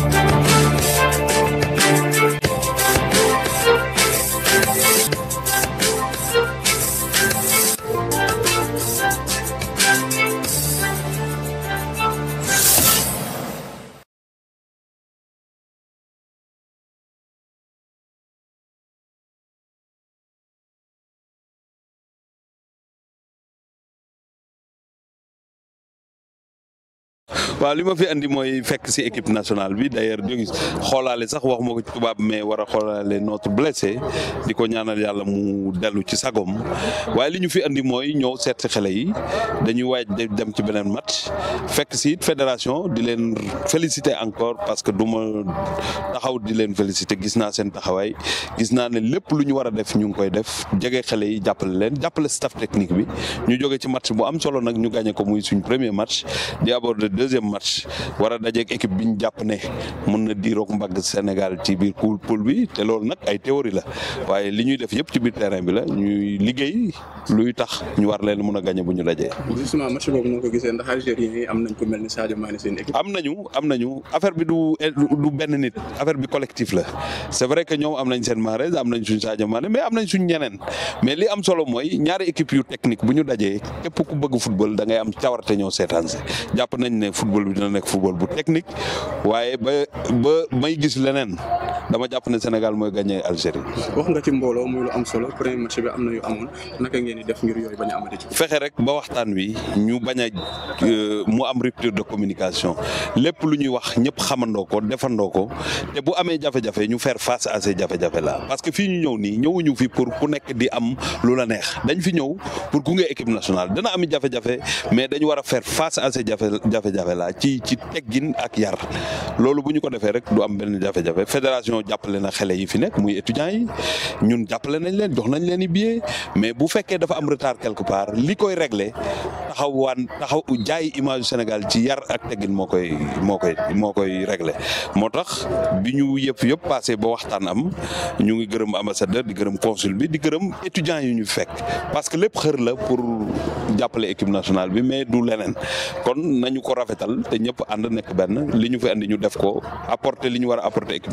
Thank you. waaw li ma fi andi mooy fekk si équipe nationale bi d'ailleurs jógi xoolaale sax wax ma ko ci tubaab mais war a xoolaale notre blessé di ko ñaanal yàlla mu dellu ci sagom waaye li ñu fi andi mooy ñëw seet xele yi dañuy waaj dem ci beneen match fekk si it fédération di leen féliciter encore parce que du ma taxaw di leen féliciter gis naa seen taxawaay gis naa ne lépp lu ñu war a def ñu ngi koy def jege xale yi jàppale leen jàppale staff technique bi ñu jóge ci match bu am solo nag ñu gagné ko muy suñ premier match deuxième match war a dajeeg équipe bi ñu jàpp ne mun na diiroog mbagg Sénégal ci biir poul poul bi te loolu nag ay théorie la waaye li ñuy def yëpp ci biir terrain bi la ñuy liggéey luy tax ñu war leen mun a gañe bu ñu dajee. justement match boobu noo ko gisee ndax Algériens yi am nañ ko mel ni Sadio Mané seen équipe. am nañu am nañu affaire bi du du benn nit affaire bi collectif la c'est vrai que ñoom am nañ seen Mahrez am nañ suñ Sadio Mané mais am nañ suñ ñeneen mais li am solo moy ñaari équipe yu technique bu ñu dajee képp ku bëgg football da ngay am cawarte ñëw seetaan si jàpp nañ ne ne football bi dina nekk football bu technique waaye ba ba may gis leneen dama jàpp ne Sénégal mooy gagné Algérie. wax nga ci mbooloo muy lu am solo premier match bi am na yu ngeen di def ngir yooyu bañ a amati ci. fexe rek ba wi ñu bañ a euh, mu am rupture de communication lépp lu ñuy wax ñëpp xamandoo ko defandoo ko te bu amee jafe-jafe ñu fair face à ces jafe-jafe parce que fii ñu ñëw nii ñëwuñu fi pour ku nekk di am lu la neex dañ fi ñëw pour gunge équipe nationale dana ami jafe-jafe mais dañu war a faire face à jafe-jafe là ci ci teggin ak yar loolu bu ñu ko defee rek du am benn jafe-jafe fédération. fédération jàppale na xale yi fi nekk muy étudiants yi ñun jàppale nañ leen jox nañ leen i billet mais bu fekkee dafa am retard quelque part li koy régler taxaw waan taxaw u jaay image Sénégal ci yar ak teggin moo koy moo koy moo koy régler moo tax bi ñu yëpp yëpp passé ba waxtaan am ñu ngi gërëm ambassadeur di gërëm consul bi di gërëm étudiants yi ñu fekk parce que lépp xër la pour jàppale équipe nationale bi mais du leneen kon nañu ko rafetal te ñëpp ànd nekk benn li ñu fi andi ñu def ko apporter li ñu war a apporter équipe